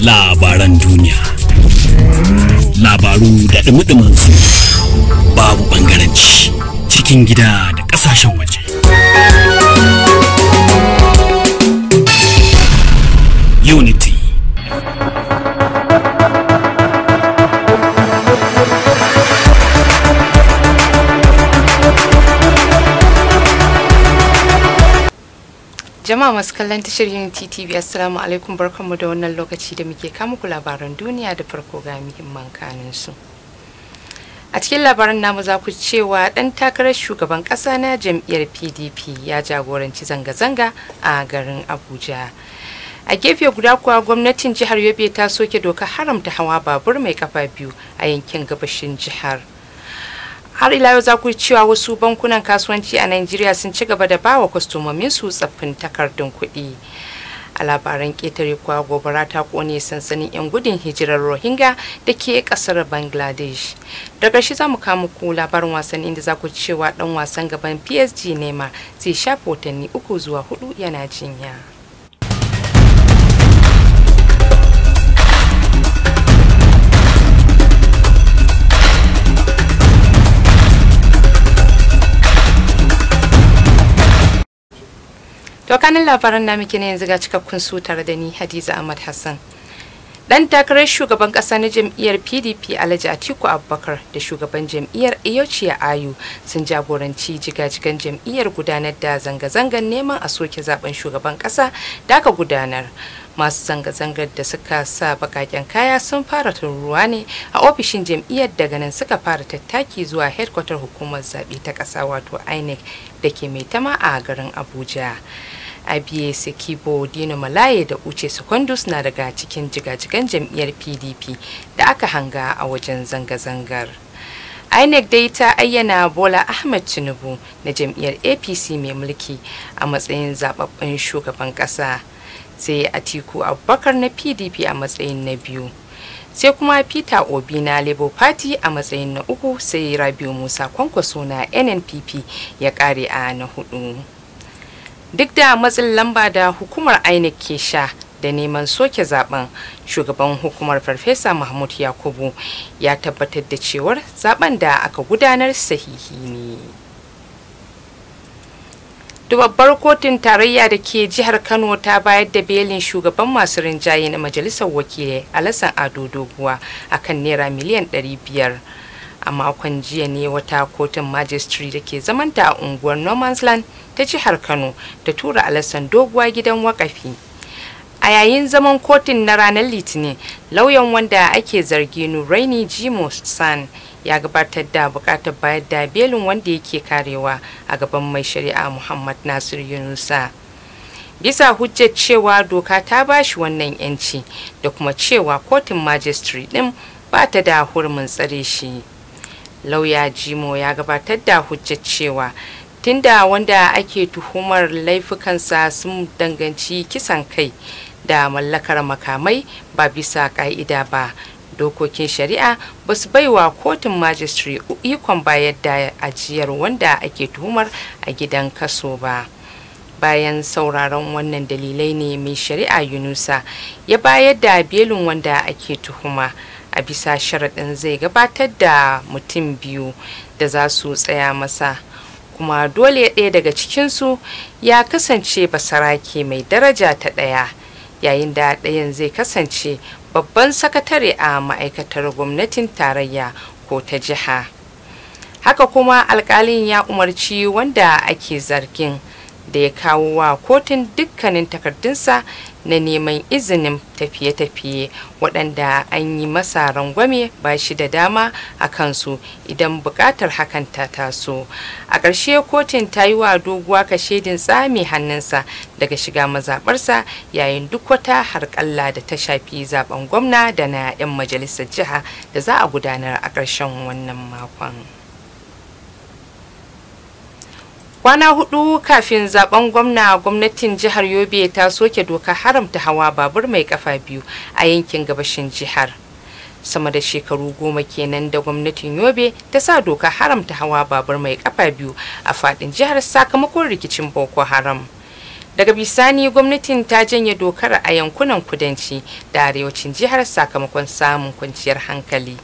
labaran duniya labaru da dumudumin su babu bangaranci cikin gida da ƙasashen waje unity Jama'a masu kallon tashar Unity TV Assalamu alaikum barkanmu da wannan lokaci da muke kama ku labaran duniya da farko ga muhimman kanin su. A cikin labaran namu za ku cewa ɗan takarar shugaban ƙasa na jam'iyyar PDP ya jagoranci zanga-zanga a garin Abuja. A gefe guda kuwa gwamnatin jihar Yobe ta soke doka haramta hawa babur mai kafa biyu a yankin gabashin jihar. har ila yau za ku cewa wasu bankunan kasuwanci a Najeriya sun ci gaba da ba wa kwastomomin su tsaffin takardun kuɗi. A labaran ƙetare kuwa gobara ta ƙone sansanin 'yan gudun hijirar Rohingya da ke ƙasar Bangladesh. Daga shi za mu kama ku labarin wasan inda za ku cewa ɗan wasan gaban PSG Neymar zai shafi watanni uku zuwa hudu yana jinya. To kanin labaran namu ne yanzu ga cikakkun sutar da ni Hadiza Ahmad Hassan. dan takarar shugaban kasa na jam'iyyar pdp alhaji atiku abubakar da shugaban jam'iyyar iyochiya ayu sun jagoranci jigajigan jam'iyyar gudanar da zanga-zangar neman a soke zaben shugaban kasa da aka gudanar masu zanga-zangar da suka sa bakaken kaya sun fara tururuwa ne a ofishin jam'iyyar daga nan suka fara tattaki zuwa hedkwatar hukumar zaɓe ta ƙasa wato inec da ke mai tama a garin abuja abiye sikibo dino malaye da uce secondus na daga cikin jigajigan jam'iyyar pdp da aka hanga a wajen zanga-zangar inec dai ta ayyana bola ahmed tinubu na jam'iyyar apc mai mulki a matsayin zababben shugaban kasa sai atiku abubakar na pdp a matsayin na biyu sai kuma peter obi na labour party a matsayin na uku sai rabiu musa kwankwaso na nnpp ya kare a na hudu duk da matsin lamba da hukumar inec ke sha da neman soke zaben shugaban hukumar farfesa mahmud yakubu ya tabbatar da cewar zaben da aka gudanar sahihi ne babbar kotun tarayya da ke jihar kano ta bayar da belin shugaban masu rinjaye na majalisar wakilai a lasan ado doguwa kan naira miliyan 500 a makon jiya ne wata kotun majistri da ke zamanta a unguwar Normansland ta jihar Kano da tura alasan doguwa gidan wakafi. A yayin zaman kotun na ranar Litinin, lauyan wanda ake zargi Nuraini Jimo San ya gabatar da bukatar bayar da belin wanda yake karewa a gaban mai shari'a Muhammad nasir Yunusa. bisa hujjar cewa doka ta bashi wannan yanci da kuma cewa kotun majistri ɗin ba ta da hurumin tsare shi lauya jimo ya gabatar da hujjar cewa tunda wanda ake tuhumar laifukansa sun danganci kisan kai da mallakar makamai ba bisa ka'ida ba dokokin shari'a ba su baiwa kotun majistri ikon bayar da ajiyar wanda ake tuhumar a gidan kaso ba bayan sauraron wannan dalilai ne mai shari'a yunusa ya bayar da belin wanda ake tuhuma. a bisa sharaɗin zai gabatar da mutum biyu da za su tsaya masa kuma dole ɗaya daga cikinsu ya kasance basarake mai daraja ta ɗaya yayin da ɗayan zai kasance babban sakatare a ma'aikatar gwamnatin tarayya ko ta jiha haka kuma alkalin ya umarci wanda ake zargin da ya kawo wa kotun dukkanin takardunsa na neman izinin tafiye-tafiye waɗanda an yi masa rangwame ba shi da dama a kansu idan buƙatar hakan ta taso a ƙarshe kotun ta yi wa doguwa ka shaidin tsami hannunsa daga shiga mazaɓarsa yayin duk wata harƙalla da ta shafi zaɓen gwamna da na 'yan majalisar jiha da za a gudanar a ƙarshen wannan makon. kwana hudu kafin zaben gwamna gwamnatin jihar yobe ta soke doka haramta hawa babur mai kafa biyu a yankin gabashin jihar sama da shekaru goma kenan da gwamnatin yobe ta sa doka haramta hawa babur mai kafa biyu a fadin jihar sakamakon rikicin boko haram daga bisani gwamnatin ta janye dokar a yankunan kudanci da arewacin jihar sakamakon samun kwanciyar hankali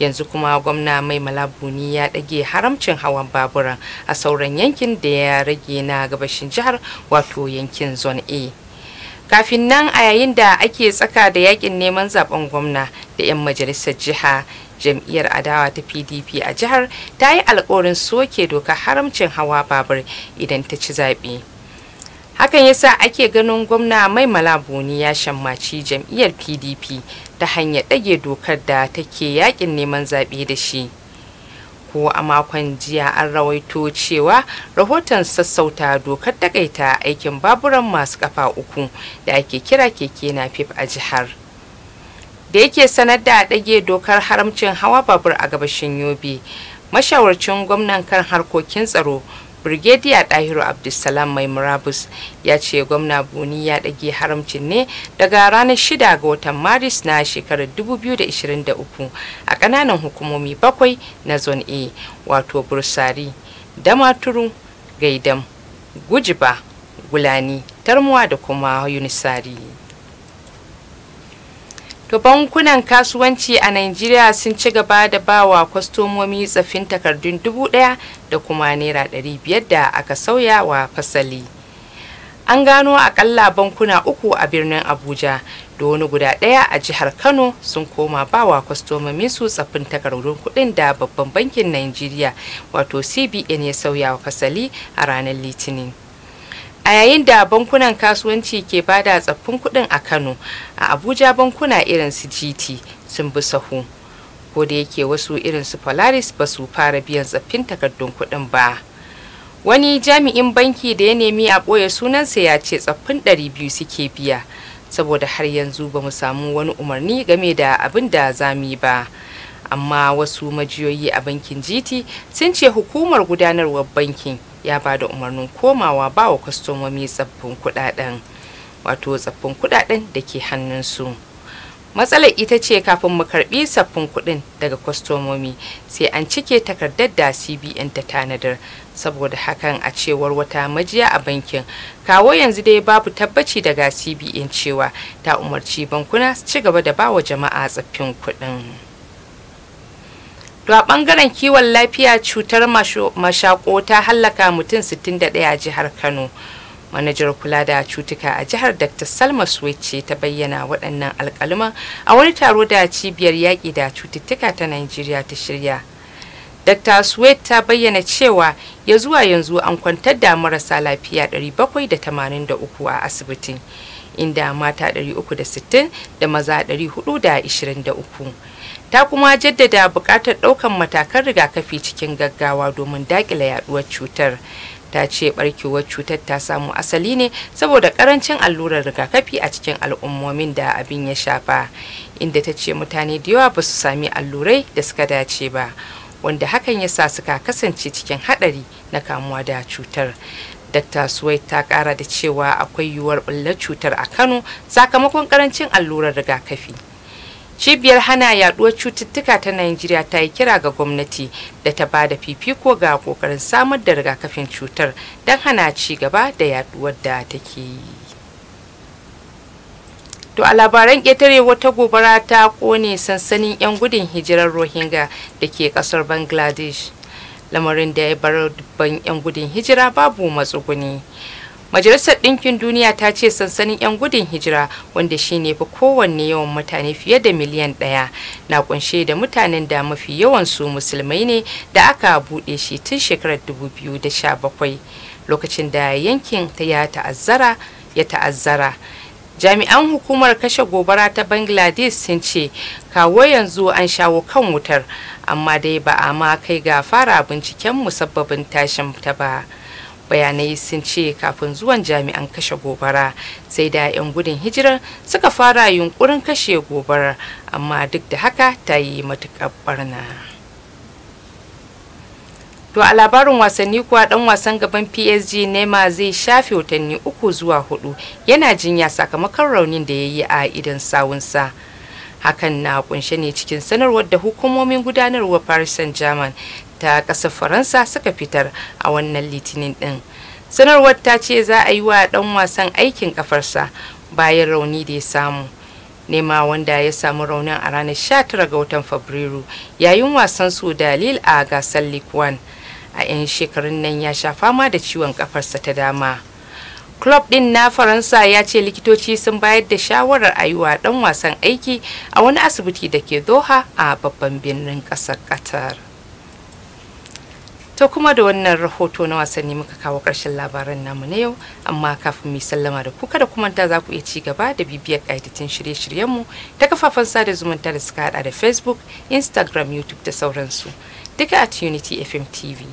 yanzu kuma gwamna mai malabuni ya ɗage haramcin hawan babura a sauran yankin da ya rage na gabashin jihar wato yankin zone a kafin nan a yayin da ake tsaka da yakin neman zaben gwamna da 'yan majalisar jiha jam'iyyar adawa ta pdp a jihar ta yi alkawarin soke doka haramcin hawa babur idan ta ci zaɓe hakan yasa ake ganin gwamna mai malaboni ya shammaci jam'iyyar pdp ta hanyar ɗage dokar da take yakin neman zaɓe da shi ko a makon jiya an rawaito cewa rahoton sassauta dokar takaita aikin baburan masu kafa uku da ake kira keke na fif a jihar da yake sanar da ɗage dokar haramcin hawa babur a gabashin yobe mashawarcin gwamnan kan harkokin tsaro Brigadier Dahiru Abdulsalam Mai Murabus ya ce gwamna Buni ya ɗage haramcin ne daga ranar 6 ga watan Maris na shekarar 2023 a ƙananan hukumomi bakwai na Zone A wato Bursari, Damaturu, Gaidam, Gujiba, Gulani, Tarmuwa da kuma Yunisari. To bankunan kasuwanci a Najeriya sun ci gaba da bawa kwastomomi tsafin takardun dubu ɗaya da kuma naira ɗari biyar da aka sauya wa fasali. An gano akalla bankuna uku a birnin Abuja da wani guda ɗaya a jihar Kano sun koma bawa kwastomomi su tsafin takardun kuɗin da babban bankin Najeriya wato CBN ya sauya wa fasali a ranar Litinin. a yayin da bankunan kasuwanci ke bada tsaffin kuɗin a kano a abuja bankuna irin su gt sun bi sahu ko da yake wasu irin su polaris ba su fara biyan tsaffin takardun kuɗin ba wani jami'in banki da ya nemi a ɓoye sunansa ya ce tsaffin 200 suke biya saboda har yanzu ba mu samu wani umarni game da abin da za mu yi ba amma wasu majiyoyi a bankin gt sun ce hukumar gudanarwar bankin ya ba da umarnin komawa ba wa kwastomomi tsaffin kudaden wato tsaffin kudaden da ke hannunsu matsalar ita ce kafin mu karbi tsaffin kudin daga kwastomomi sai an cike takardar da cbn ta tanadar saboda hakan a cewar wata majiya a bankin kawo yanzu dai babu tabbaci daga cbn cewa ta umarci bankuna su ci gaba da ba wa jama'a tsaffin kudin To a bangaren kiwon lafiya cutar mashako ta hallaka mutum 61 a jihar Kano. Manajar kula da cutuka a jihar Dr. Salma ce ta bayyana waɗannan alƙaluma a wani taro da cibiyar yaƙi da cututtuka ta Najeriya ta shirya. Dr. Suwet ta bayyana cewa ya zuwa yanzu an kwantar da marasa lafiya 783 a asibitin, inda mata 360 da maza 423. ta kuma jaddada buƙatar ɗaukar matakan rigakafi cikin gaggawa domin daƙile yaduwar cutar ta ce barkewar cutar ta samu asali ne saboda ƙarancin allurar rigakafi a cikin al'ummomin da abin ya shafa inda ta ce mutane da yawa ba su sami allurai da suka dace ba wanda hakan ya sa suka kasance cikin hadari na kamuwa da cutar Dr. Suwai ta ƙara da cewa akwai yiwuwar ɓullar cutar a Kano sakamakon ƙarancin allurar rigakafi. cibiyar hana yaduwar cututtuka ta najeriya ta yi kira ga gwamnati da ta bada fifiko ga kokarin samar da rigakafin cutar don hana ci gaba da yaduwar da take yi To a labaran ƙetare wata gobara ta ƙone sansanin 'yan gudun hijirar Rohingya da ke ƙasar Bangladesh. Lamarin da ya bar dubban 'yan gudun hijira babu matsuguni. Majalisar Ɗinkin Duniya ta ce sansanin 'yan gudun hijira wanda shine fa kowanne yawan mutane fiye da miliyan ɗaya na kunshe da mutanen da mafi yawan su musulmai ne da aka buɗe shi tun shekarar 2017 lokacin da yankin ta ya ta'azzara ya ta'azzara. jami'an hukumar kashe gobara ta bangladesh sun ce kawo yanzu an shawo kan wutar amma dai ba a ma kai ga fara binciken musabbabin tashin ta ba. bayanai sun ce kafin zuwan jami'an kashe gobara sai da 'yan gudun hijirar suka fara yunkurin kashe gobara amma duk da haka ta yi matuƙar barna. To a labarin wasanni kuwa dan wasan gaban PSG Neymar zai shafe watanni uku zuwa hudu yana jinya sakamakon raunin da ya yi a idan sawunsa. Hakan na kunshe ne cikin sanarwar da hukumomin gudanarwar Paris Saint-Germain ta ƙasar faransa suka fitar a wannan litinin ɗin sanarwar ta ce za a yi wa ɗan wasan aikin ƙafarsa bayan rauni da ya samu nema wanda ya samu raunin a ranar 19 ga watan fabrairu yayin wasan su da a gasar league one a 'yan shekarun nan ya sha fama da ciwon ƙafarsa ta dama club din na faransa ya ce likitoci sun bayar da shawarar a yi wa dan wasan aiki a wani asibiti da ke doha a babban birnin ƙasar qatar To kuma da wannan rahoto na wasanni muka kawo ƙarshen labaran namu na yau amma kafin mu sallama da ku kada kuma da za ku iya ci gaba da bibiyar ƙaitattun shirye-shiryenmu ta kafafen sada zumunta da suka hada da Facebook, Instagram, YouTube da sauransu duka at Unity FM TV.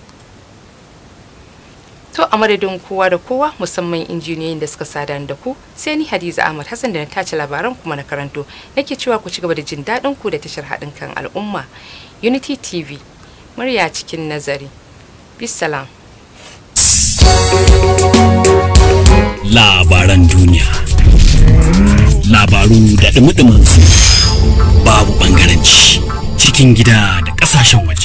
To a madadin kowa da kowa musamman injiniyoyin da suka sada da ku sai ni Hadiza Ahmad Hassan da na tace labaran kuma na karanto nake cewa ku ci gaba da jin daɗin ku da tashar haɗin kan al'umma Unity TV murya cikin nazari. bisalam labaran duniya labaru da dumi su babu ɓangaranci cikin gida da ƙasashen waje